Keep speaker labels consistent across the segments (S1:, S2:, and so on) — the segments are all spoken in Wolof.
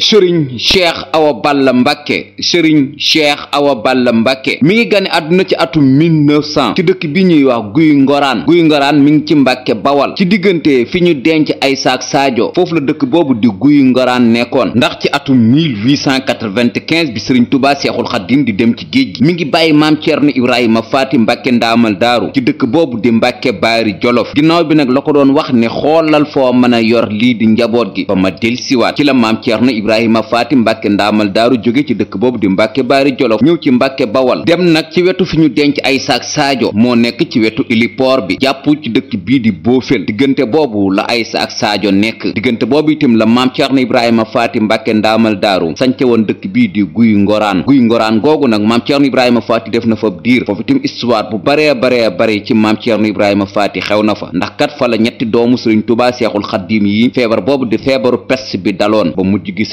S1: sëriñ cheikh awa balla mbàkke sëriñ cheikh awa balla mbàkke mi ngi gane àdduna ci atum 1900 ci dëkk bi ñuy wax guy ngoraan guy ngoraan mi ngi ci mbàkke bawal ci diggante fi ñu denc ay saak saajo foofu la dëkk boobu di guy ngoraan nekkoon ndax ci atum 1895 bi sëriñ tubaa seexul xaddim di dem ci géej gi mi ngi bàyyi maam ceerno ma faati mbakke ndaamal daaru ci dëkk boobu di mbakke baari jolof ginnaaw bi nag la ko doon wax ne xoolal foo mën a yor lii di njaboot gi ba ma delsiwaat ci la maam ceerno ibrahima faati mbàkke ndaamal daaru jóge ci dëkk boobu di mbàkke baari jolof ñëw ci mbàkke bawal dem nag ci wetu fi ñu denc ay saak saajo moo nekk ci wetu ilipoor bi jàpp ci dëkk bii di boofel diggante boobu la ay saak saajo nekk diggante boobu itam la maam ceerno ibrahima faati mbàkke ndaamal daaru sance woon dëkk bii di guy ngoraan guy ngoraan googu nag maam ceerno ibrahima faati def na fa diir foofu itam histoire bu baree baree bare ci maam ceerno ibrahima faati xew na fa ndax kat fa ñetti doomu sëriñ tubaa seexul xaddiim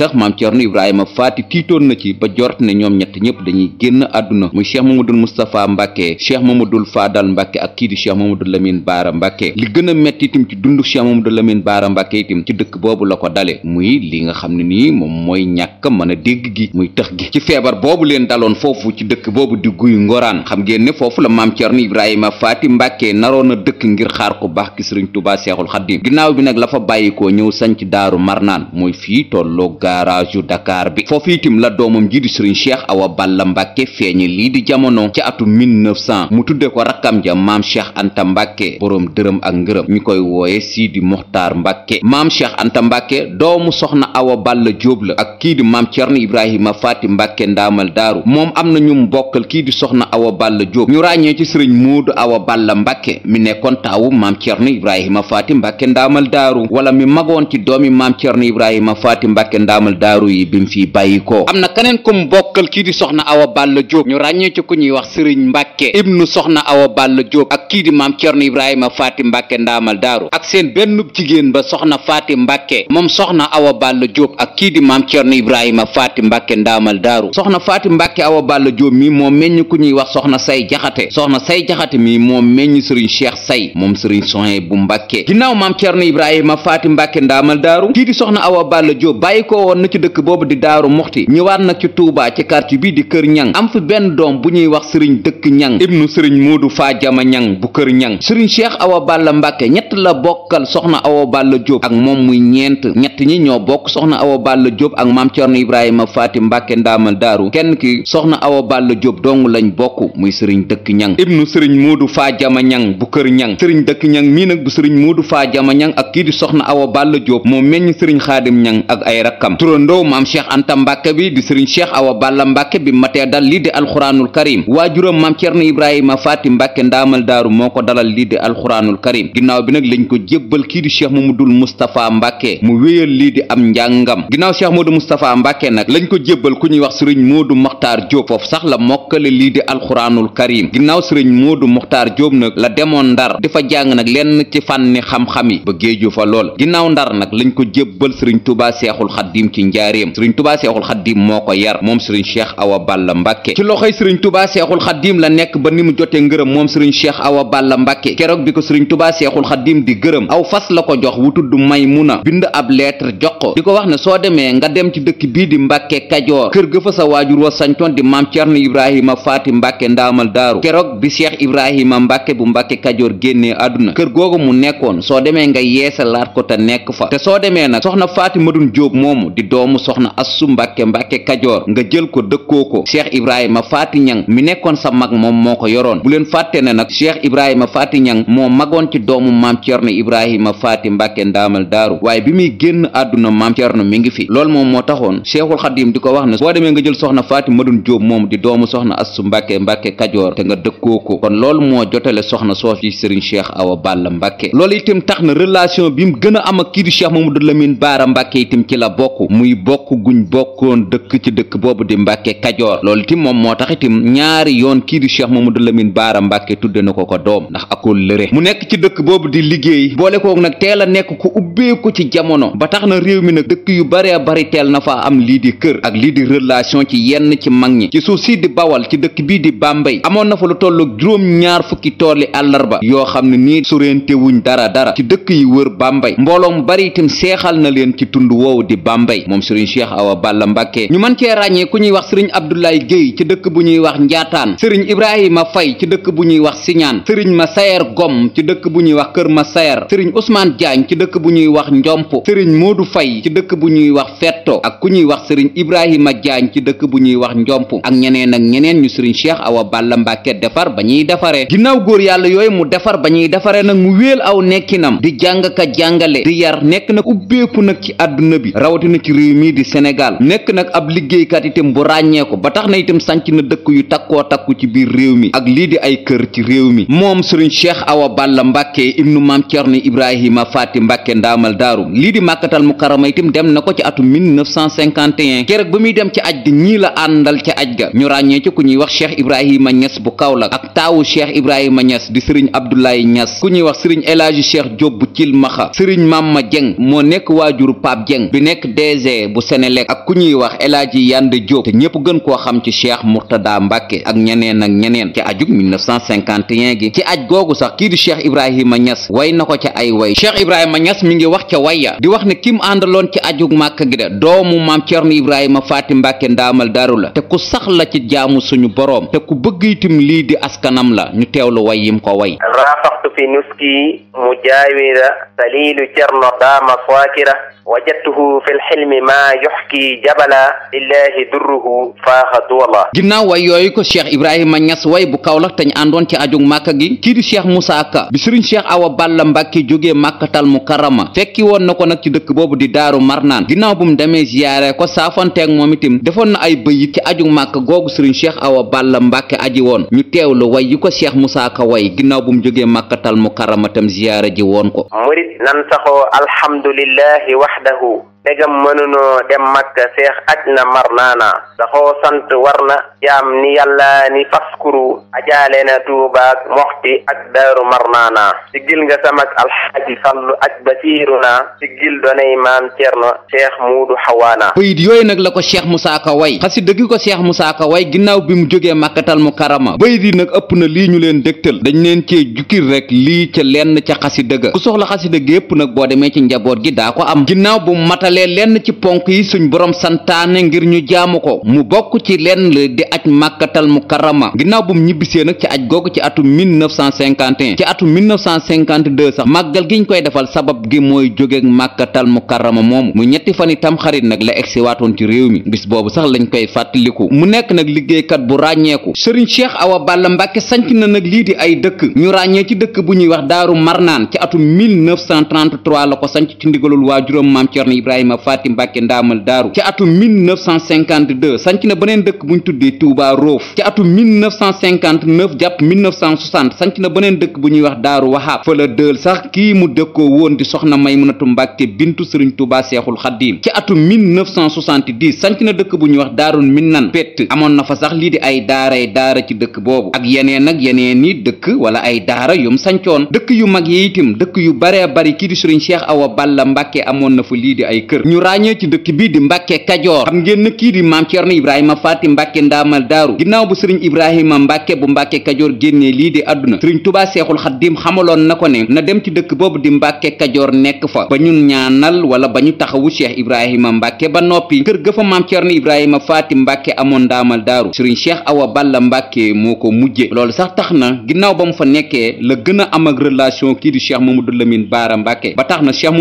S1: sax maam Thierno Ibrahima Faty tiitoon na ci ba jort ne ñoom ñett ñëpp dañuy génn àdduna muy cheikh Mamadou Moustapha Mbacke cheikh Mamadou Fadal Mbacke ak kii di cheikh Mamadou Lamine Baara Mbacke li gën a métti itam ci dundu cheikh Mamadou Lamine Baara Mbacke itam ci dëkk boobu la ko dale muy li nga xam ne nii moom mooy ñàkk mën a dégg gi muy tëx gi ci feebar boobu leen daloon foofu ci dëkk boobu di guy ngoraan xam ngeen foofu la maam Thierno Ibrahima faati Mbacke naroon a dëkk ngir xaar ko baax ki sëriñ Touba Seexul Xaddim garage yu Dakar bi foofu itim la doomam ji di sëriñ Cheikh Awa Balla Mbàkke feeñe lii di jamono ci atu 1900 mu tudde ko rakkam ja maam Cheikh Anta Mbàkke boroom dërëm ak ngërëm ñu koy wooye Sidi Moxtaar Mbàkke maam Cheikh Anta Mbàkke doomu soxna Awa Balla Jóob la ak kii di maam Cerno Ibrahima Faati Mbàkke ndaamal daaru moom am na ñu mbokkal kii di soxna Awa Balla Jóob ñu ràññee ci sëriñ Moodu Awa Balla Mbàkke mi nekkoon taawu maam Cerno Ibrahima Faati Mbàkke ndaamal amal daaru yi bi mu am na keneen ku mu bokkal kii di soxna awa balla jóob ñu ràññee ci ku ñuy wax sëriñ mbàkke ibnu soxna awa balla jóob ak kii di maam cerno ibrahima faati mbàkke ndaamal daaru ak seen benn jigéen ba soxna faati mbàkke moom soxna awa balla jóob ak kii di maam cerno ibrahima faati mbàkke ndaamal daaru soxna faati mbàkke awa balla jóob mii moo meññ ku ñuy wax soxna say jaxate soxna say jaxate mii moo meññ sëriñ cheikh say moom sëriñ soxna bu mbàkke ginnaaw maam cerno ibrahima faati mbàkke ndaamal daaru kii soxna awa balla jóob bàyyi ko woon na ci dëkk boobu di daaru muxti ñëwaat nag ci tuubaa ci quartier bi di kër ñan am fi benn doom bu ñuy wax sëriñ dëkk ñang ibnu sëriñ moodu faajama ñang bu kër ñan sëriñ cheikh awa balla mbàkke ñett la bokkal soxna awa balla jóob ak moom muy ñeent ñett ñi ñoo bokk soxna awa bal jóob ak maam cerno ibrahima faati mbàkke ndaamal daaru kenn ki soxna awa balla jóob dong lañ bokk muy sëriñ dëkk ñang ibnu sëriñ moodu faa jama ñang bu kër ñang sëriñ dëkk ñang mii nag bu sëriñ moodu faa jama ñang ak kii di soxna awa balla jóob moo meññ sëriñ xaadim ñang ak ay rakkam turandoo maam cheikh anta bi di sëriñ cheikh awa balla mbàkke bi matee dal lii alxuraanul karim waajuram maam cerno ibrahima faati mbàkke ndaamal daaru moo ko dalal lii di alxuraanul karim ginnaaw bi nag lañ ko jébbal kii di cheikh mamadul moustapha mbàkke mu wéyal lii di am njàngam ginnaaw cheikh mamadou moustapha mbàkke nag lañ ko jébbal ku ñuy wax sëriñ moodu moxtaar jóob foofu sax la mokkale lii di alxuraanul karim ginnaaw sëriñ moodu moxtaar jóob nag la demoon ndar di fa jàng nag lenn ci fànni xam-xam yi ba géeju fa lool ginnaaw ndar nag lañ ko jébbal sëriñ tubaa seexul xaddim ci njaareem sëriñ tubaa seexul xaddim moo ko yar moom sëriñ cheikh awa balla mbàkke ci loxoy sëriñ la ba ni mu jotee ngërëm moom sëriñ cheikh awa balla mbàkke keroog bi ko sëriñ tubaa seexul xaddim xadim di gërëm aw fas la ko jox wu tudd na bind ab lettre jox ko di ko wax ne soo demee nga dem ci dëkk bii di mbàkke kajoor kër ga fa sa waajur wa sancoon di maam cerno ibrahima faati mbàkke ndaamal daaru keroog bi cheikh ibrahima mbàkke bu mbàkke kajoor génnee àdduna kër googu mu nekkoon soo demee nga yeesa laat ko te nekk fa te soo demee nag soxna faati madun jóob moomu di doomu soxna assu mbàkke mbàkke kajoor nga jël ko dëkkoo ko cheikh ibrahima faati ñang mi nekkoon sa mag moom moo ko yoroon bu leen maam Cerno Ibrahima Faati Mbàkke ndaamal daaru waaye bi muy génn àdduna maam Cerno mi ngi fi loolu moom moo taxoon Seexul Xadim di ko wax ne boo demee nga jël soxna Faati Madun Jóob moom di doomu soxna Astu Mbàkke Mbàkke Kajoor te nga dëkkoo ko kon loolu moo jotale soxna soos ci Serigne Cheikh Awa Balla Mbàkke lool itam tax na relation bi mu gën a am ak kii di Cheikh Mamadou Lamine Baara Mbàkke itam ci la bokk muy bokk guñ bokkoon dëkk ci dëkk boobu di Mbàkke Kajoor loolu itam moom moo tax itam ñaari yoon kii di Cheikh Mamadou Lamine Baara Mbàkke tudde na ko ko doom liggéey boole koog nag teel a nekk ko ubbeeku ci jamono ba tax na réew mi nag dëkk yu baree bari teel na fa am lii di kër ak lii di relation ci yenn ci mag ñi ci suuf sii di bawal ci dëkk bii di bàmbay amoon na fa lu tollu juróom ñaar fukki tooli àllarba yoo xam ne nii sorente wuñ dara dara ci dëkk yi wër Bambey mbooloo mu bari itam seexal na leen ci tund woowu di Bambey moom sëriñ Cheikh Awa Balla Mbàkke ñu man cee ràññee ku ñuy wax sëriñ Abdoulaye Guèye ci dëkk bu ñuy wax Njaataan sëriñ Ibrahima Faye ci dëkk bu ñuy wax Siñaan sëriñ Masayer Gom ci dëkk bu ñuy wax Kër Massaer sëriñ Ousmane Diagne ci dëkk bu ñuy wax Njomp sëriñ du Faye ci dëkk bu ñuy wax Fetto ak ku ñuy wax sëriñ Ibrahima jaañ ci dëkk bu ñuy wax Njomp ak ñeneen ak ñeneen ñu sëriñ Cheikh Awa Balla Mbàkke defar ba ñuy defaree ginnaaw góor yàlla yooyu mu defar ba ñuy defaree nag mu wéel aw nekkinam di jàng ka jàngale di yar nekk nag ubbeeku nag ci àdduna bi rawatina ci réew mii di senegal nekk nag ab liggéeykat itam bu ràññeeku ba tax na itam sànc na dëkk yu takkoo takku ci biir réew mi ak lii mi maam Cerno Ibrahima Faati Mbàkke ndaamal daaru lii di màkkatal mukarama itam dem na ko ci atum 1951 keroog ba muy dem ci aj gi ñii la àndal ca aj ga ñu ràññee ci ku ñuy wax cheikh Ibrahima Niass bu Kaolack ak taawu cheikh Ibrahima Niass di sëriñ Abdoulaye Niass ku ñuy wax sëriñ El Hadji Cheikh bu Cilmaxa sëriñ Mamma Dieng moo nekk waajuru Pape Dieng bi nekk DG bu Senelec ak ku ñuy wax El Hadji Yande Diop te ñépp gën koo xam ci cheikh Murtada Mbàkke ak ñeneen ak ñeneen ci ajug ci aj googu sax way na ko ca ay way Cheikh a Niass mi ngi wax ca waya di wax ne kim àndaloon ci ajug ma gi de doomu maam Cerno Ibrahima Faati Mbàkke ndaamal daru la te ku sax la ci jaamu suñu boroom te ku bëgg itam lii di askanam la ñu teewlu way yim ko way
S2: rafaxtu fi nuski mujaawira salilu cerno daama faakira wajadtuhu fi lxilmi maa yuxki jabala lillahi durruhu faaxa duwala
S1: ginnaaw way yooyu ko ibrahim ibrahima ñas way bu kaolack tañ àndoon ci ajug màkka gi kii di cheikh moussa ka bi sëriñ cheikh awa balla mbàkke jógee màkkatal mukarama fekki woon na ko nag ci dëkk boobu di daaru marnaan ginnaaw bu mu demee ziyaare ko saafonteeg moom itam defoon na ay bëyit ci ajug màkka googu sëriñ cheikh awa balla mbàkke aji woon ñu teewlu way yi ko cheikh moussa ka way ginnaaw bu mu jógee màkkatal mukarama tam ziyaare ji ko
S2: wahdahu ndegam mënunoo dem makka seex aj na mar naana saxoo sant war na jaam ni yàlla ni faskuru ajaale na tuubaak moxti ak daaru mar naana si gil nga samak alxaaji fallu ak basiiru na si gil donay maam cerno seex muudu xawaana
S1: bayit yooyu nag la ko seex mu ka way xasida gi ko seex mu ka way ginnaaw bi mu jógee màkkatal mu karama bayit yi nag ëpp na lii ñu leen dégtal dañ leen cee jukkil rek lii ca lenn ca xasida ga ku soxla xasida gépp nag boo demee ci njaboot gi loolee lenn ci ponk yi suñ borom santaane ngir ñu jaamu ko mu bokk ci lenn di aj màkkatal mukarrama ginnaaw bu mu ñibbisee nag ci aj googu ci atum 1951 ci atum 1952 sax màggal giñ koy defal sabab gi mooy jóge màkkatal mukarrama moomu mu ñetti fan itam xarit nag la egsi waatoon ci réew mi bis boobu sax lañ koy fàttaliku mu nekk nag liggéeykat bu ràññeeku sëriñ Cheikh Awa Balla Mbàkke sanc na nag lii di ay dëkk ñu ràññee ci dëkk bu ñuy wax daaru marnaan ci atum 1933 la ko sanc ci ndigalul waajuram maam Cerno Ibrahima Ibrahima Faty Mbacke ndaamal daaru ci atum 1952 sanc na beneen dëkk buñ tuddee Touba Roof ci atum 1959 jàpp 1960 sanc na beneen dëkk bu ñuy wax daaru Wahab fa la dël sax kii mu dëkkoo woon di soxna Maymunatu Mbacke bintu Sëriñ Touba Seexul Xaddiim ci atum 1970 sanc na dëkk bu ñuy wax daarul Minnan pett amoon na fa sax lii di ay daaray daara ci dëkk boobu ak yeneen ak yeneen ni dëkk wala ay daara yum sancoon dëkk yu mag yi itam dëkk yu bare bari kii di Sëriñ Cheikh Awa Balla Mbacke kër ñu ràññee ci dëkk bii di mbàkke kajoor xam ngeen na kii di maam ceerno ibrahima faati mbàkke ndaamal daaru ginnaaw bu sëriñ ibrahima mbàkke bu mbàkke kajoor lii di àdduna sëriñ tubaa seexul xaddim xamaloon na ko ne na dem ci dëkk boobu di mbàkke kajoor nekk fa ba ñu ñaanal wala ba ñu taxawu seex cheikh ibrahima mbàkke ba noppi kër ga fa maam ceerno ibrahima faati mbàkke amoon ndaamal daaru sëriñ cheikh awa balla mbàkke moo ko mujje loolu sax tax na ginnaaw ba mu fa nekkee la gën a am ak relation kii di cheikh mamadou lamine baara mbàkke ba tax na cheikh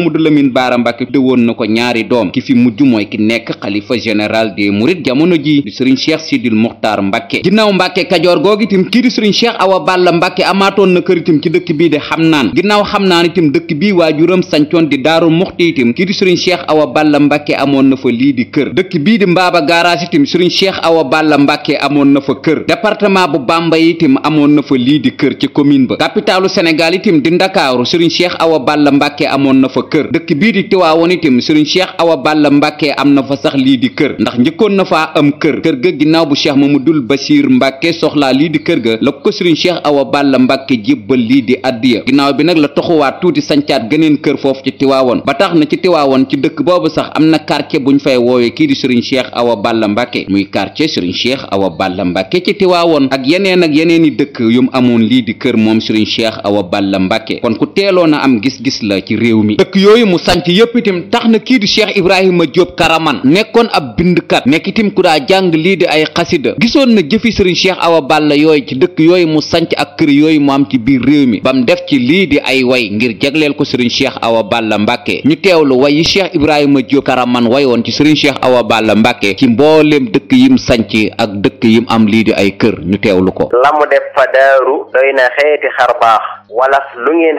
S1: ñaari doom ki fi mujj mooy ki nekk xalifa général des mourides jamono ji di sëriñ cheikh sidil muxtaar mbàkke ginnaaw mbàkke kajoor googu itam kii di sëriñ cheikh awa balla mbàkke amaatoon na kër itam ci dëkk bii di xam naan ginnaaw xam naan itam dëkk bii waajuram sancoon di daaru muxti itam kii di sëriñ cheikh balla mbàkke amoon na fa lii di kër dëkk bii di mbaaba garage itam sëriñ cheikh awa balla mbàkke amoon na fa kër département bu bamba itam amoon na fa lii di kër ci commune ba capitalu sénégal itam di ndakaaru sëriñ cheikh awa balla mbàkke amoon na fa kër dëkk bii di tiwaawoon itam sëriñ sëriñ cheikh awa balla mbàkke am na fa sax lii di kër ndax njëkkoon na faa am kër kër ga ginnaaw bu cheikh mamadul basiir mbàkke soxlaa lii di kër ga la ko sëriñ cheikh awa balla mbàkke jébbal lii di addiya ginnaaw bi nag la toxuwaat tuuti sancaat geneen kër foofu ci tiwaawoon ba tax na ci tiwaawoon ci dëkk boobu sax am na quartier buñ fay woowee kii di sëriñ cheikh awa balla mbàkke muy quartier sëriñ cheikh awa balla mbàkke ci tiwaawoon ak yeneen ak yeneeni dëkk yum amoon lii di kër moom sëriñ cheikh awa balla mbàkke kon ku teeloon a am gis-gis la ci réew mi kii di cheikh ibrahima Diop karaman nekkoon ab bindkat nekkitim ku daa jàng lii di ay xasida gisoon na jëfi sëriñ cheikh awa balla yooyu ci dëkk yooyu mu sanc ak kër yooyu mu am ci biir réew mi bam def ci lii di ay way ngir jagleel ko sëriñ cheikh awa balla mbàkke ñu lu way yi cheikh ibrahima Diop karaman wayoon ci sëriñ seex awa balla mbàkke ci mbooleem dëkk yi mu sanc ak dëkk yim am lii di ay kër ñu teewlu ko la mu def
S2: fa daaru na xeeti lu ngeen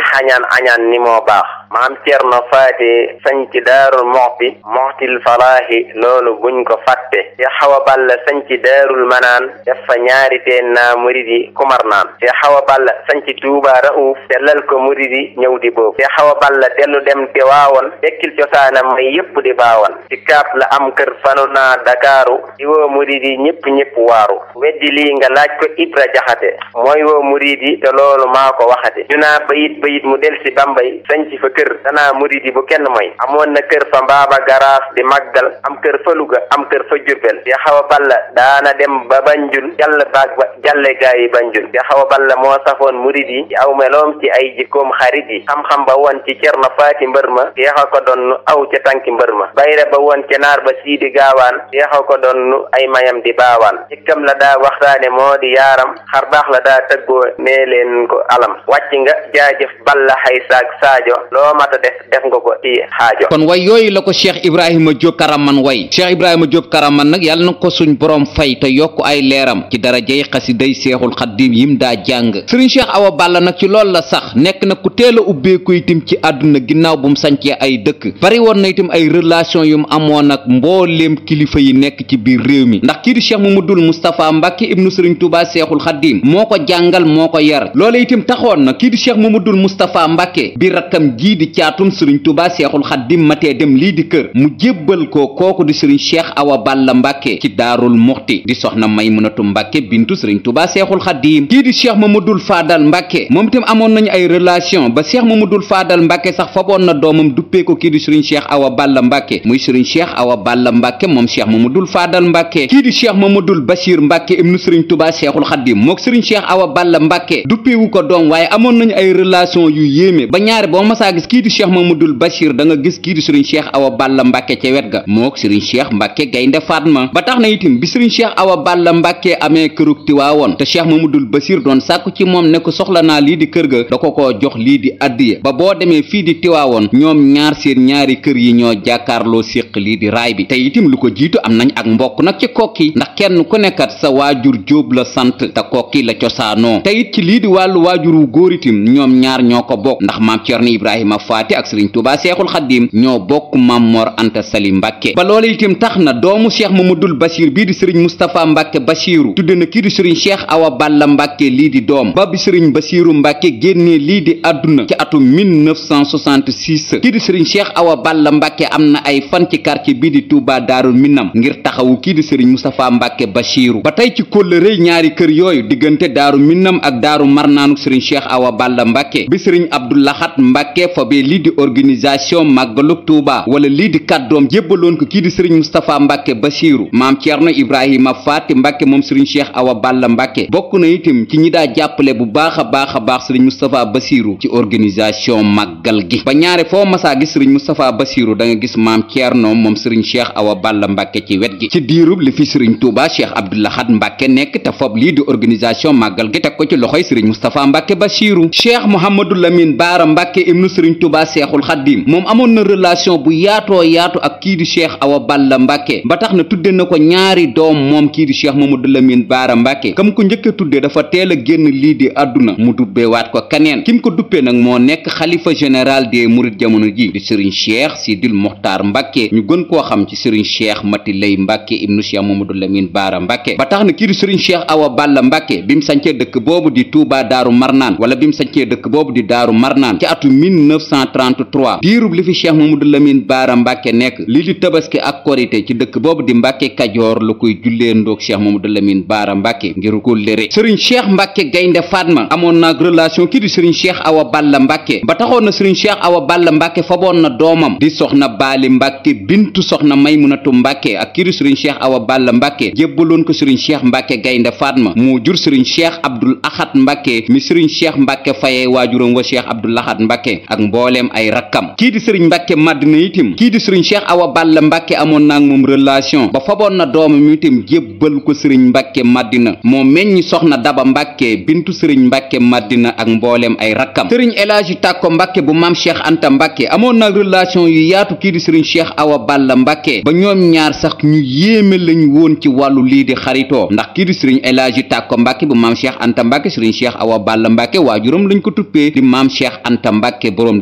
S2: maam Cerno Faati sanc daarul moxti moxtil falaahi loolu buñ ko fàtte Seex Awa Balla sanc daarul manaan def fa ñaari teen naa muridi kumar naan Seex Awa Balla sanc Tuubaa Rauf sellal ko muridi ñëw di boobu Seex Awa Balla dellu dem te waawoon dekkil cosaanam may yépp di baawoon ci kaap la am kër fanu naa Dakaaru di woo muridi ñépp ñépp waaru weddi lii nga laaj ko Ibra Jaxate mooy woo muridi te loolu maa waxate ñu naa bayit bayit mu del si Bambay sanc kër danaa murid yi bu kenn mooy amoon na kër fa mbaaba garaas di maggal am kër fa am kër fa Jurbel ya xaw a balla daana dem ba banjul jàll baag ba jàlle gaa yi banjul ya xaw a balla moo safoon murid yi ci aw meloom ci ay jikkoom xarit yi xam-xam ba woon ci cerno faati mbër ma yeexa ko doon nu aw ca tànki mbër ma bayre ba woon ci naar ba siidi gaawaan yeexa ko doon nu ay mayam di baawaan jikkam la daa waxtaane moo di yaaram xar baax la daa tëggoo nee leen ko alam wàcc nga jaajëf balla xay saag saajo mat
S1: kon way yooyu la ko Cheikh Ibrahima Diop Karaman way Cheikh Ibrahima Diop Karaman nag yàlla na ko suñ borom fay te yokk ay leeram ci dara darajey xasiday seexul xaddim yim daa jàng sëriñ Cheikh Awa Balla nag ci loolu la sax nekk na ku teel a ubbeeku itam ci àdduna ginnaaw bu mu sancee ay dëkk bari woon na itam ay relation yu mu amoon ak mbooleem kilifa yi nekk ci biir réew mi ndax kii di Cheikh Mamadul Moustapha Mbàkke ibnu sëriñ Touba seexul xaddim moo ko jàngal bii di caatum sëriñ tubaa seexul xaddim matee dem lii di kër mu jébbal ko kooku di sëriñ cheikh awa balla mbàkke ci daarul muxti di soxna maymunatu mbàkke bintu sëriñ tubaa seexul xaddim kii di cheikh mamadul faadal mbàkke moom itam amoon nañu ay relation ba cheikh mamadul faadal mbàkke sax faboon na doomam duppee kii di sëriñ cheikh awa balla muy sëriñ cheikh awa balla mbàkke moom cheikh mamadul faadal mbàkke kii di cheikh mamadul bashir mbàkke ibnu sëriñ tubaa seexul xaddim mook sëriñ cheikh awa balla mbàkke duppeewu ko doom waaye amoon nañu ay relation yu yéeme ba ñaari boo masaa gis gis kii di cheikh ma bachir da danga gis kii di sëriñ cheikh awa balla mbàkke ca wet ga mook sëriñ cheikh mbàkke gaynde faatma ba tax na itam bi sëriñ cheikh awa balla mbàkke amee kërug tiwaawoon te cheikh mamadul bachir doon sàkku ci moom ne ko soxla naa lii di kër ga da ko koo jox lii di addiya ba boo demee fii di tiwaawoon ñoom ñaar seen ñaari kër yi ñoo jàkkaarloo séq lii di raay bi te itam lu ko jiitu am nañ ak mbokk nag ci kokki ndax kenn ku nekkat sa waajur jóob sant te kokki la cosaanoo te ci lii di wàllu waajur wu góor itam ma faati ak sëriñ tuuba seexul xaddiim ñoo bokk mammoor anta sali mbàkke ba loola itam tax na doomu cheikh mamadul bachir bii di sëriñ mustapha mbàkke bachiru tudde na kii di sëriñ cheikh awa balla mbàkke lii di doom ba bi sëriñ bachiru mbàkke génne lii di àdduna ci atum 1966 kii di sëriñ cheikh awa balla mbàkke am na ay fan ci quartier bii di tuuba daarul minam ngir taxawu kii di sëriñ mustapha mbàkke bachiru ba tey ci kóllëre ñaari kër yooyu diggante daaru minam ak daaru marnaanu sëriñ cheikh awa boobee lii di organisation màggalub Tuuba wala lii di kàddoom jébbaloon ko kii di sëriñ Moustapha Mbàkke Basiiru maam Ceerno Ibrahima Faati Mbàkke moom sëriñ Cheikh Awa Balla Mbàkke bokk na itam ci ñi daa jàppale bu baax a baax a baax sëriñ Moustapha Basiiru ci organisation màggal gi ba ñaare foo masaa gis sëriñ Moustapha Basiiru da gis maam Ceerno moom sëriñ Cheikh Awa Balla Mbàkke ci wet gi ci diirub li fi sëriñ Tuuba Cheikh Abdou Lahad Mbàkke nekk te fob lii di organisation màggal gi teg ko ci loxoy sëriñ Moustapha Mbàkke Basiiru Cheikh Mouhamadou Lamine Baara Mbàkke ibnu sëriñ sëriñ tubaa seexul xaddiim moom amoon na relation bu yaatoo yaatu ak kii di cheikh awa balla mbàkke ba tax na tudde na ko ñaari doom moom kii di cheikh mamadou lamine baara mbàkke kam ko njëkk tudde dafa teel a génn lii di àdduna mu dubbeewaat ko kaneen kim ko duppee nag moo nekk xalifa général des mourides jamono ji di sëriñ cheikh sidil muxtaar mbàkke ñu gën koo xam ci sëriñ cheikh mati lay mbàkke ibnu cheikh mamadou lamine baara mbàkke ba tax na kii di sëriñ cheikh awa balla mbàkke bi mu sancee dëkk boobu di tuubaa daaru marnaan wala bi mu dëkk boobu di daaru marnaan ci atu 19 1933 diirub li fi cheikh Mamadou Lamine Baara Mbàkke nekk li di tabaski ak korite ci dëkk boobu di Mbàkke Kajoor la koy jullee ndoog cheikh Mamadou Lamine Baara Mbàkke ngir ko léré sëriñ cheikh Mbàkke Gaynde ma amoon naa relation kii di sëriñ cheikh Awa Balla Mbàkke ba taxoon na sëriñ cheikh Awa Balla Mbàkke faboon na doomam di soxna Baali Mbàkke bintu soxna Maymunatu Mbàkke ak kii di sëriñ cheikh Awa Balla Mbàkke jébbaloon ko sëriñ cheikh Mbàkke Gaynde Fatma moo jur sëriñ cheikh Abdul Ahad Mbàkke mi sëriñ cheikh Mbàkke fayee mbooleem ay rakkam kii di sëriñ mbàkke màddina itim kii di sëriñ cheikh awa balla mbàkke amoon naag moom relation ba faboon na doomam itam jébbal ko sëriñ mbàkke maddina moo meññ soxna daba mbàkke bintu sëriñ mbàkke maddina ak mbooleem ay rakkam sëriñ elaaji tàkko mbàkke bu mam cheikh anta mbàkke amoon naag relation yu yaatu kii di sëriñ cheikh awa balla mbàkke ba ñoom ñaar sax ñu yéeme lañ woon ci wàllu lii di xaritoo ndax kii sëriñ elaaji tàkko mbak bu maam cheikh anta mbàkke sëriñ cheikh awa balla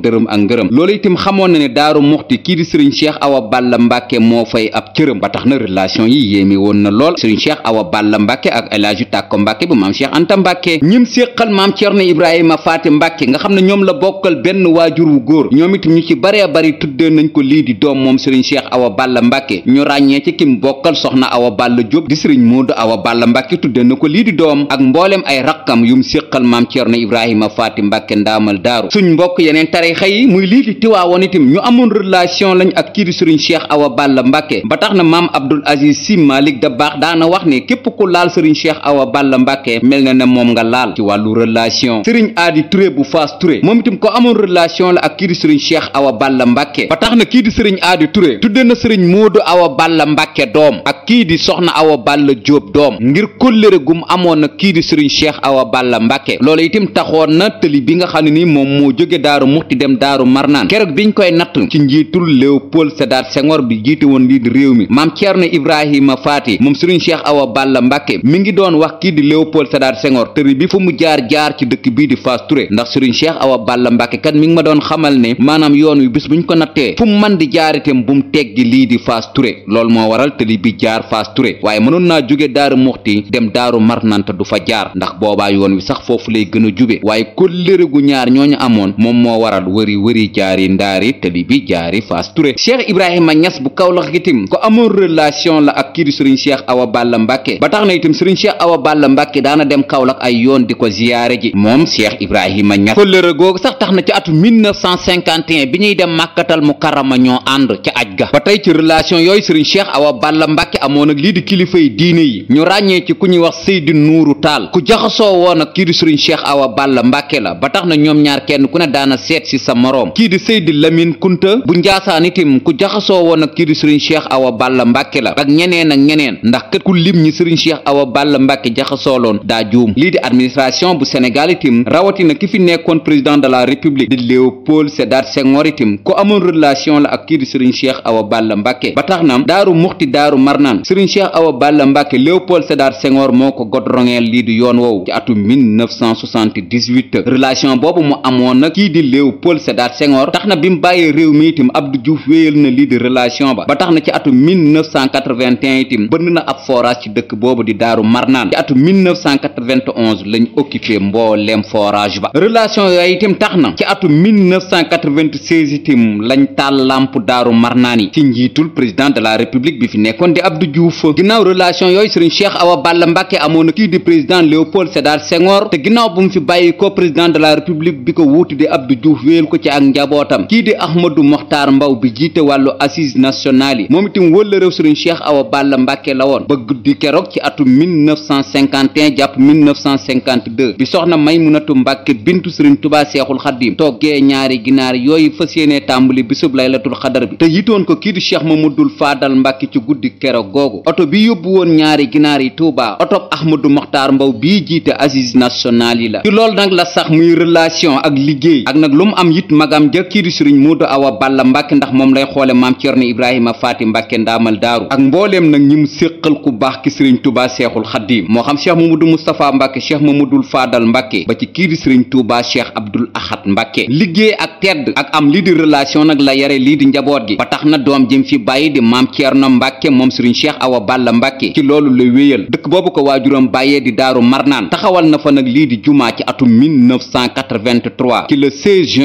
S1: dërëm ak ngërëm loolu itam xamoon na ne daaru muxti kii di sëriñ cheikh awa balla mbàkke moo fay ab cërëm ba tax na relation yi yéeme woon na lool sëriñ cheikh awa balla mbàkke ak El Hadji Tàkko mbàkke bu maam cheikh anta mbàkke ñim séqal maam Cerno ibrahima faati mbàkke nga xam ne ñoom la bokkal benn waajur wu góor ñoom itam ñu ci baree bari tuddee nañ ko lii di doom moom sëriñ cheikh awa balla mbàkke ñu ràññee ci kim bokkal soxna awa balla jóob di sëriñ moodu awa balla mbàkke tuddee na ko lii di doom ak mbooleem ay rakkam yum séqal maam Cerno ibrahima faati mbàkke ndaamal daaru suñ mbokk yeneen tarixa yi muy lii di tiwaawoon itam amoon relation lañ ak kii di sëriñ cheikh awa balla mbàkke ba tax na maam abdul aziz si malik da baax daana wax ne képp ku laal sëriñ cheikh awa balla mbàkke mel na moom nga laal ci wàllu relation sëriñ aadi turé bu faas turé moom itam ko amoon relation la ak kii di sëriñ cheikh awa balla mbàkke ba tax na kii di sëriñ aadi turé tudde na sëriñ moodu awa balla mbàkke doom ak kii di soxna awa balla jóob doom ngir kóllëre gum amoon na kii sëriñ cheikh awa balla mbàkke loolu itam taxoon na tëli bi nga xam ni moom moo jóge daaru muxti di dem daaru marnaan keroog biñ koy natt ci njiitul Léopold Sédar Senghor bi jiite woon lii di réew mi maam Ceerno Ibrahima Faati moom sëriñ Cheikh Awa Balla Mbàkke mi ngi doon wax kii di Léopold Sédar Senghor tëri bi fu mu jaar jaar ci dëkk bii di Fass Touré ndax sëriñ Cheikh Awa Balla Mbàkke kat mi ngi ma doon xamal ne maanaam yoon wi bis buñ ko nattee fu mu man di jaaritem bu mu teggi lii di Fass Touré loolu moo waral tëli bi jaar Fass Touré waaye mënoon naa jóge daaru muxti dem daaru marnaan te du fa jaar ndax boobaa yoon wi sax foofu lay gën a jube waaye kóllëre gu ñaar ñooñu Kaolack wëri wëri jaari ndaari tali bi jaari Fass Touré Cheikh Ibrahima Niass bu Kaolack itam ko amoon relation la ak kii di Serigne Awa Balla Mbacke ba tax na itam Serigne Cheikh Awa Balla Mbacke daana dem Kaolack ay yoon di ko ziyaare ji moom Cheikh ca aj ga ba tey ci relation yooyu amoon ak lii di kilifay diine yi ñu ràññee ci ku ñuy wax Seydou Nourou Tall ku jaxasoo woon ak kii di Serigne Awa Balla Mbacke la ba tax na ñoom ñaar kenn ku ne daana seet ci sa moroom kii di Seydi Lamine Kunta bu njaasaan itim ku jaxasoo woon ak kii di sëriñ Cheikh Awa Balla Mbàkke la ak ñeneen ak ñeneen ndax kët ku lim ñi sëriñ Cheikh Awa Balla Mbàkke jaxasooloon daa juum lii di administration bu Sénégal itim rawatina ki fi nekkoon président de la république di Léopold Sédar Senghor itim ku amoon relation la ak kii di sëriñ Cheikh Awa Balla Mbàkke ba tax na daaru muxti daaru marnaan sëriñ Cheikh Awa Balla Mbàkke Léopold Sédar Senghor moo ko godrongeel lii di yoon woowu ci atum 1978 relation boobu mu amoon nag kii di Léopold Léopold Sédar Senghor tax na bi mu bàyyee réew mi itam Abdou Diouf wéyal na lii relation ba ba tax na ci atum 1981 itam bënn na ab forage ci dëkk boobu di Daaru Marnaan ci atum 1991 lañ lañ taal lamp Daaru Marnaan yi ci njiitul président de la république bi fi nekkoon di Abdou Diouf ginnaaw relation yooyu Serigne Cheikh Awa Balla Mbacke amoon na kii di président Léopold Sédar Senghor te ginnaaw bu fi bàyyi ko président de la république bi ko wuuti di Abdou Diouf wéyal ko ci ak njabootam kii di Ahmadou Mokhtar Mbaw bi jiite wàllu assise nationale yi moom itam wëla réew sëriñ Cheikh Awa Balla Mbàkke la woon ba guddi keroog ci atum 1951 jàpp 1952 bi soxna Maymunatu Mbàkke bintu sëriñ Tubaa Seexul Xaddiim toggee ñaari ginaar yooyu fas yéenee tàmbali bisub laylatul xadar bi te yitoon ko kii di Cheikh Mamadul Faadal Mbàkke ci guddi keroog googu oto bi yóbbu woon ñaari ginaar yi Tuubaa otob Ahmadou Mokhtar Mbaw bii jiite assise nationale yi la ci loolu nag la sax muy relation ak liggéey ak nag lu am it magam ja kii di sëriñ Moodu Awa Balla Mbàkke ndax moom lay xoole maam Ceerno Ibrahima Faati Mbàkke ndaamal daaru ak mbooleem nag ñi mu séqal ku baax ki sëriñ Tuubaa Seexul Xaddiim moo xam Cheikh Mamadou Moustapha Mbàkke Cheikh Mamadou Faadal Mbàkke ba ci kii di sëriñ Tuubaa Cheikh Abdul Ahad Mbàkke liggéey ak tedd ak am lii relation nag la yare lii di njaboot gi ba tax na doom jëm fi bàyyi di maam Ceerno Mbàkke moom sëriñ Cheikh Awa Balla Mbàkke ci loolu la wéyal dëkk boobu ko waajuram bàyyee di daaru marnaan taxawal na fa nag lii di jumaa ci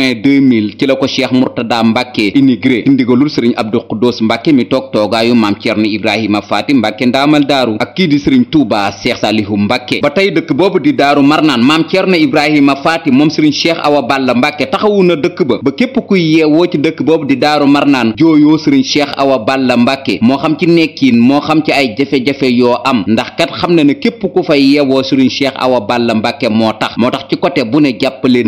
S1: mai 2000 ci la ko cheikh Mourtada Mbacke inigré ci ndigalul sëriñ Abdou Khoudous Mbacke mi toog toogaayu maam Thierno Ibrahima Faati Mbacke ndaamal daaru ak kii di sëriñ Touba Cheikh Salihu Mbacke ba tey dëkk boobu di daaru Marnaan maam Thierno Ibrahima Faati moom sëriñ cheikh Awa Balla Mbacke taxawu na dëkk ba ba képp kuy yeewoo ci dëkk boobu di daaru Marnaan jooyoo sëriñ cheikh Awa Balla Mbacke moo xam ci nekkiin moo xam ci ay jafe-jafe yoo am ndax kat xam na ne képp ku fay yeewoo sëriñ cheikh Awa Balla Mbacke moo tax moo tax ci côté bu ne jàppale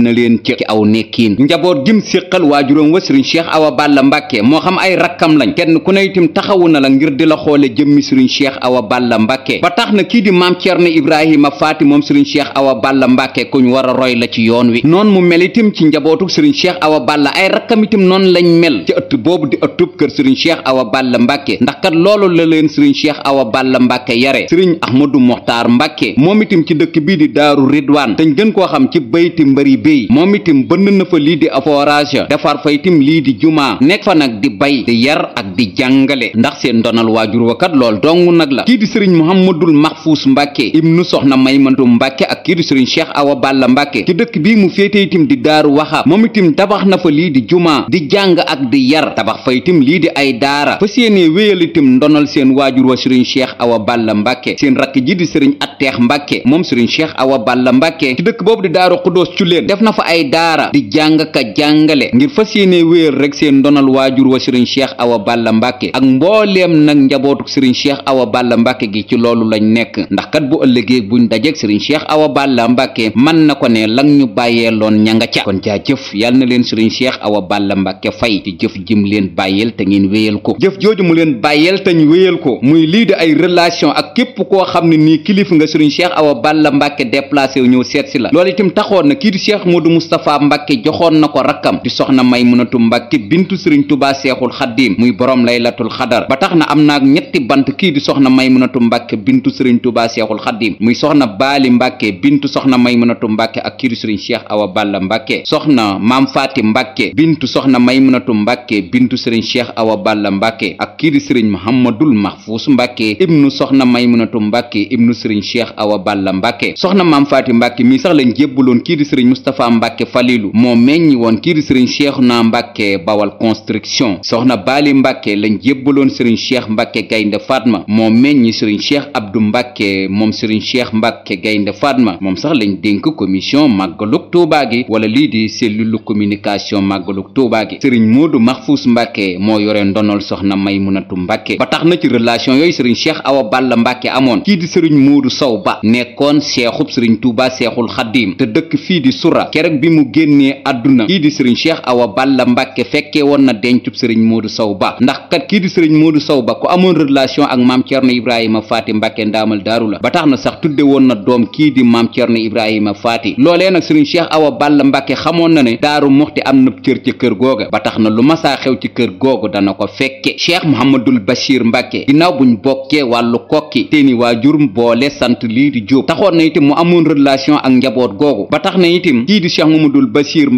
S1: aw nekkiin njaboot gim séqal waajuróom wa sëriñ cheikh awa balla mbàkke moo xam ay rakkam lañ kenn ku ne itam taxawu na la ngir di la xoole jëmmi sëriñ cheikh awa balla mbàkke ba tax na kii di maam Cerno ibrahima faati moom sëriñ cheikh awa balla mbàkke kuñ war a roy la ci yoon wi noonu mu mel itam ci njabootu sëriñ cheikh awa balla ay rakkam itam noonu lañ mel ci ëtt boobu di ëttub kër sëriñ cheikh awa balla mbàkke ndax kat loolu la leen sëriñ cheikh awa balla mbàkke yare sëriñ ahmadu moxtaar mbàkke moom itam ci dëkk bii di daaru ridwaan dañ gën koo xam ci bayti mbëri béy moom lii di forage defar fa itam lii di jumaa nekk fa nag di bay di yar ak di jàngale ndax seen ndonal waajur wakat lool dong nag la kii di sëriñ Muhammadul Mahfuus Mbàkke ibnu soxna Maymantu Mbàkke ak kii di sëriñ Cheikh Awa Balla Mbàkke ci dëkk bii mu féete itam di daaru waxa moom itam tabax na fa lii di jumaa di jàng ak di yar tabax fa itam lii di ay daara fa séenee wéyal itam ndonal seen waajur wa sëriñ Cheikh Awa Balla Mbàkke seen rakk ji di sëriñ Atteex Mbàkke moom sëriñ Cheikh Awa Balla Mbàkke jàng ka jàngale ngir fas yéene wéer rek seen ndonal waajur wa sëriñ cheikh awa balla mbàkke ak mbooleem nag njabootuk sëriñ cheikh awa balla mbàkke gi ci loolu lañ nekk ndax kat bu ëllëgee buñ dajeeg sëriñ cheikh awa balla mbàkke man na ko ne lang ñu bàyyee loon ña nga ca kon caa jëf yàlla na leen sëriñ cheikh awa balla mbàkke fay ci jëf jim leen bàyyeel te ngeen wéyal ko jëf jooju mu leen bàyyeel tañu ñu ko muy lii de ay relation ak képp koo xam ne nii kilifa nga sëriñ cheikh awa balla mbàkke déplacé wu ñëw seet la defoon na ko rakkam di soxna Maymunatu Mbàkke bintu Sëriñ Tuubaa Seexul Xaddiim muy borom laylatul xadar ba tax na am naag ñetti bant kii di soxna Maymunatu Mbàkke bintu Sëriñ Tuubaa Seexul Xaddiim muy soxna Baali Mbàkke bintu soxna Maymunatu Mbàkke ak kii di Sëriñ Cheikh Awa Balla Mbàkke soxna Maam Faati Mbàkke bintu soxna Maymunatu Mbàkke bintu Sëriñ Cheikh Awa Balla Mbàkke ak kii di Sëriñ Muhammadul Mahfuus Mbàkke ibnu soxna Maymunatu Mbàkke ibnu Sëriñ Cheikh Awa Balla Mbàkke soxna Maam Faati Mbàkke mii sax lañ jébbaloon kii di Sëriñ Mustafa Mbàkke Falilu moom meññ woon ngir sëriñ Cheikhouna Mbacke Bawal construction soxna Baali Mbacke lañ jébbaloon sëriñ Cheikh Mbacke Gaynde Fatma moo meññ sëriñ Cheikh Abdou Mbacke moom sëriñ Cheikh Mbacke Gaynde Fatma moom sax lañ dénk commission màggalug Touba gi wala lii di cellule communication màggalug Touba gi sëriñ Modou Mahfous Mbacke moo yore ndonol soxna munatu Mbacke ba tax na ci relation yooyu sëriñ Cheikh Awa Balla Mbacke amoon kii di sëriñ Modou Sow Ba nekkoon seexub sëriñ Touba Seexul Xaddiim te dëkk fii di Sura keroog àdduna kii di sëriñ cheikh awa balla mbàkke fekkee woon na dencub sëriñ moodu saw ba ndax kat kii di sëriñ moodu saw ba ko amoon relation ak maam cerno ibrahima faati mbàkke ndaamal daaru la ba tax na sax tudde woon na doom kii di maam cerno ibrahima faati loolee nag sëriñ cheikh awa balla mbàkke xamoon na ne daaru muxti am na cër ci kër googa ba tax na lu masaa xew ci kër googu dana ko fekke cheikh mohamadul bachir mbàkke ginnaaw buñ bokkee wàllu kokki teeni waajur boole sant lii di jóob taxoon na itam mu amoon relation ak njaboot googu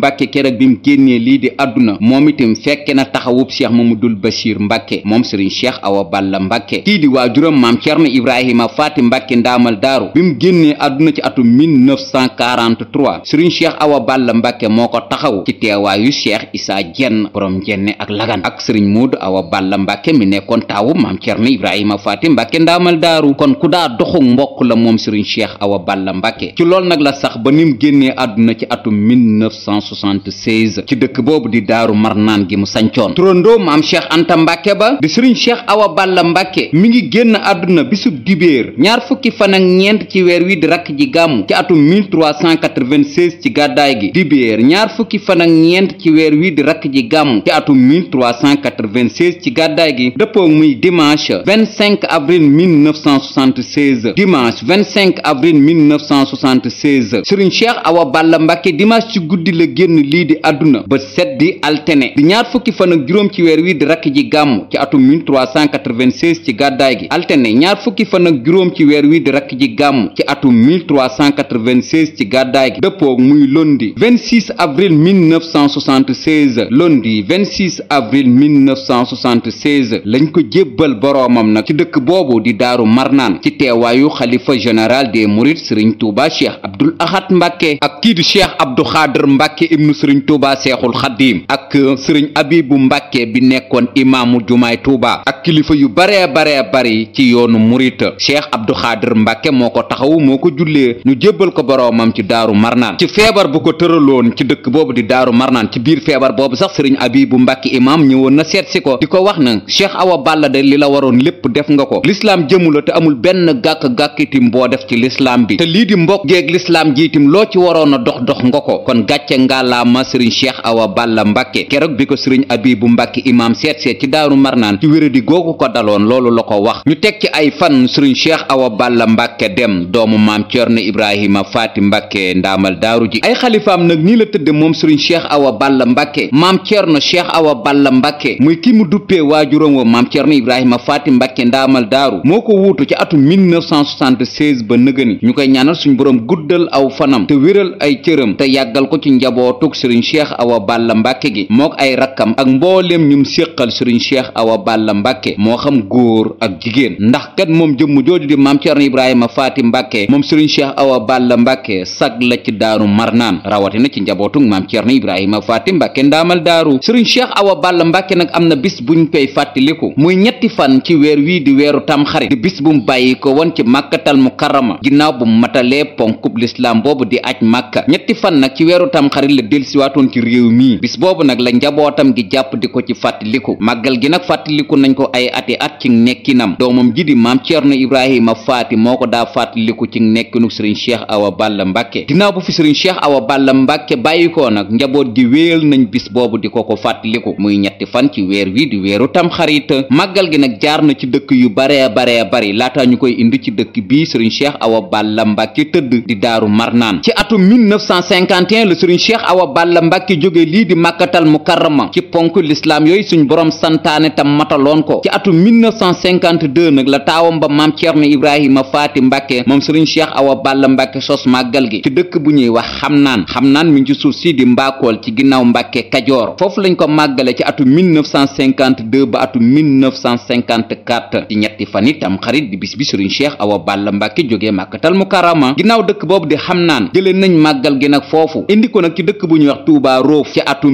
S1: ba mbàkke keroog bi mu génnee lii di àdduna moom itam fekke na taxawub cheikh mamadul bachir mbàkke moom sëriñ cheikh awa balla mbàkke kii di waajuram maam cerno ibrahima faati mbàkke ndaamal daaru bi mu génnee àdduna ci atum 1943 sëriñ cheikh awa balla mbàkke moo ko taxaw ci teewaayu cheikh isaa jenn borom jenne ak lagan ak sëriñ moodu awa balla mbàkke mi nekkoon taawu maam cerno ibrahima faati mbàkke ndaamal daaru kon ku daa doxug mbokk la moom sëriñ cheikh awa balla mbàkke ci lool nag la sax ba nim génnee àdduna ci atum 1976 ci dëkk boobu di daaru marnaan gi mu sancoon turandoo maam cheikh anta mbàkke ba di sëriñ cheikh awa balla mbàkke mi ngi génn àdduna bisub dibéer ñaar fukki fan ak ñeent ci weer wi di rakk ji gàmmu ci atum 1396 ci gàddaay gi dibéer ñaar fukki fan ak ci weer wi di ji gàmmu ci atum 1396 ci gàddaay gi dëppoo muy dimanche 25 avril 1976 dimanche 25 avril 1976 sëriñ cheikh awa balla mbàkke dimanche ci guddi la génn génn lii di àdduna ba set di altene di ñaar fukki fan ak juróom ci weer wi di rakk ji gàmm ci atum 1396 ci gàddaay gi altene ñaar fukki fan ak juróom ci weer wi di rakk ji gàmm ci atum 1396 ci gàddaay gi dëppoog muy lundi 26 avril 1976 lundi 26 avril 1976 lañ ko jébbal boroomam nag ci dëkk boobu di daaru marnaan ci teewaayu xalifa général des mourides sëriñ Touba Cheikh Abdoul Ahad Mbacke ak kii di Cheikh Abdou Khader Mbacke ibnu sëriñ tuuba seexul xaddiim ak sëriñ abibu mbàkke bi nekkoon imaamu jumaay tuuba ak kilifa yu baree baree bari ci yoonu murita cheikh abdu xaadir mbàkke moo ko taxawu moo ko jullee ñu jébbal ko boroomam ci daaru marnaan ci feebar bu ko tëraloon ci dëkk boobu di daaru marnaan ci biir feebar boobu sax sëriñ abibu mbàkke imaam ñëwoon na seet si ko di ko wax na cheikh awa balla de li la waroon lépp def nga ko lislaam jëmu la te amul benn gàkk-gàkk itim def ci lislaam bi lii di mbokk géeg lislaam ji loo ci waroon dox dox nga ko kàllaama sëriñ cheikh awa balla mbàkke keroog bi ko sëriñ abibu mbàkke imaam seet seet ci daaru marnaan ci wéradi googu ko daloon loolu la ko wax ñu teg ci ay fan sëriñ cheikh awa balla mbàkke dem doomu maam cerno ibrahima faati mbàkke ndaamal daaru ji ay xalifaam nag nii la tëdd moom sëriñ cheikh awa balla mbàkke maam cerno cheikh awa balla mbàkke muy ki mu duppee waajuram wa maam cerno ibrahima faati mbàkke ndaamal daaru moo ko wuutu ci atum 1976 ba nëgëni ñu koy ñaanal suñ njabootug sëriñ cheikh awa balla mbàkke gi mook ay rakkam ak mbooleem ñum séqal sëriñ cheikh awa balla mbàkke moo xam góor ak jigéen ndax kat moom jëmm jooju di maam ceerno ibrahima faati mbàkke moom sëriñ cheikh awa balla mbàkke sag la ci daaru marnaan rawatina ci njabootug maam ceerno ibrahima faati mbàkke ndaamal daaru sëriñ cheikh awa balla mbàkke nag am na bis buñ koy fàttaliku muy ñetti fan ci weer wii di weeru tamxarit di bis bu mu bàyyi ko wan ci màkkatal mukarrama ginnaaw bu matalee ponkub lislaam di aj màkka ñetti fan nag ci weeru tamxarit rakkam gi jàpp di ko ci fàttaliku màggal gi nag fàttaliku nañ ko ay ati at ci nekkinam doomam ji di maam Ceerno Ibrahima Faati moo ko daa fàttaliku ci nekkinu sëriñ Cheikh Awa Balla Mbàkke ginnaaw bu fi sëriñ Cheikh Awa Balla Mbàkke bàyyi nag njaboot gi wéel nañ bis boobu di ko ko fàttaliku muy ñetti fan ci weer wi di weeru tamxarit màggal gi nag jaar na ci dëkk yu baree baree bari laataa ñu koy indi ci dëkk bii sëriñ Cheikh Awa Balla Mbàkke tëdd di daaru Marnaan ci atum la sëriñ Cheikh Awa Balla Mbàkke jóge lii di màkkatal mukarrama ci ponk lislaam yooyu suñ borom santaane tam mataloon ko ci atum 1952 nag la taawam ba maam Ceerno Ibrahima Faati Mbàkke moom sëriñ Cheikh Awa Balla Mbàkke sos màggal gi ci dëkk bu ñuy wax xam naan xam naan mi ngi ci suuf si di mbaakool ci ginnaaw Mbàkke Kajoor foofu lañ ko màggale ci atum 1952 ba atum 1954 ci ñetti fan itam xarit bi bis bi sëriñ Cheikh Awa Balla Mbàkke jógee Màkkatal Mukarrama ginnaaw dëkk boobu di xam naan jëlee nañ màggal gi nag foofu indi ko nag dëkk bu ñuy wax Tuubaa Roof ci atum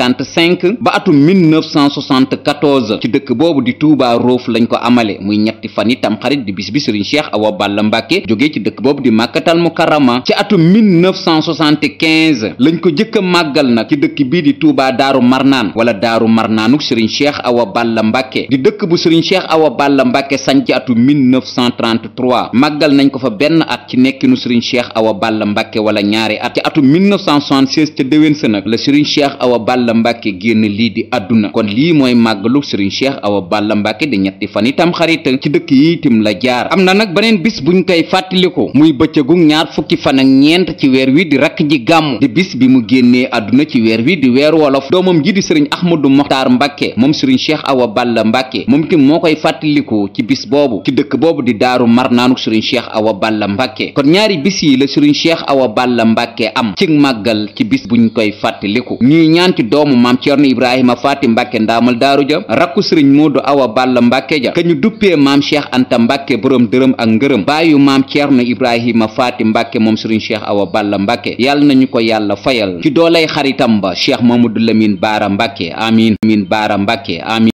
S1: cinquante cinq ba atum 1974 ci dëkk boobu di Touba Roof lañ ko amale muy ñetti fan yi tamxarit di bis bi Serigne Cheikh Awa Balla Mbàkke jógee ci dëkk boobu di Màkkatal Mukarrama ci atum 1975 lañ ko jëkk a màggal nag ci dëkk bii di Touba Daaru Marnaan wala Daaru Marnaanuk Serigne Cheikh Awa Balla Mbàkke di dëkk bu Serigne Cheikh Awa Balla Mbàkke sañ ci atum 1933 màggal nañ ko fa benn at ci nekkinu Serigne Cheikh Awa Balla Mbàkke wala ñaari at ci atum 1976 ca déwén sa nag la Serigne Cheikh Awa Balla Balla Mbàkke génn lii di àdduna kon lii mooy màggalu Serigne Cheikh Awa Balla Mbàkke di ñetti fan itam xarit ci dëkk yi itam la jaar am na nag beneen bis buñ koy fàttaliku muy bëccëgu ñaar fukki fan ak ñeent ci weer wi di rakk ji gàmm di bis bi mu génnee àdduna ci weer wi di weer wolof doomam ji di Serigne Ahmadou Mokhtar Mbàkke moom Serigne Cheikh Awa Balla Mbàkke moom itam moo koy fàttaliku ci bis boobu ci dëkk boobu di daaru marnaanuk Serigne Cheikh Awa Balla Mbàkke kon ñaari bis yi la Serigne Cheikh Awa Balla Mbàkke am ci doomu maam Cerno Ibrahima Faati Mbàkke ndaamal daaru ja rakku sëriñ Moodu Awa Balla Mbàkke ja ka ñu duppee maam Cheikh Anta Mbàkke boroom dërëm ak ngërëm baayu maam Cerno Ibrahima Faati Mbàkke moom sëriñ Cheikh Awa Balla Mbàkke yàlla nañu ko yàlla fayal ci doolay xaritam ba Cheikh Mamadou Lamine Baara Mbàkke Baara Mbàkke amiin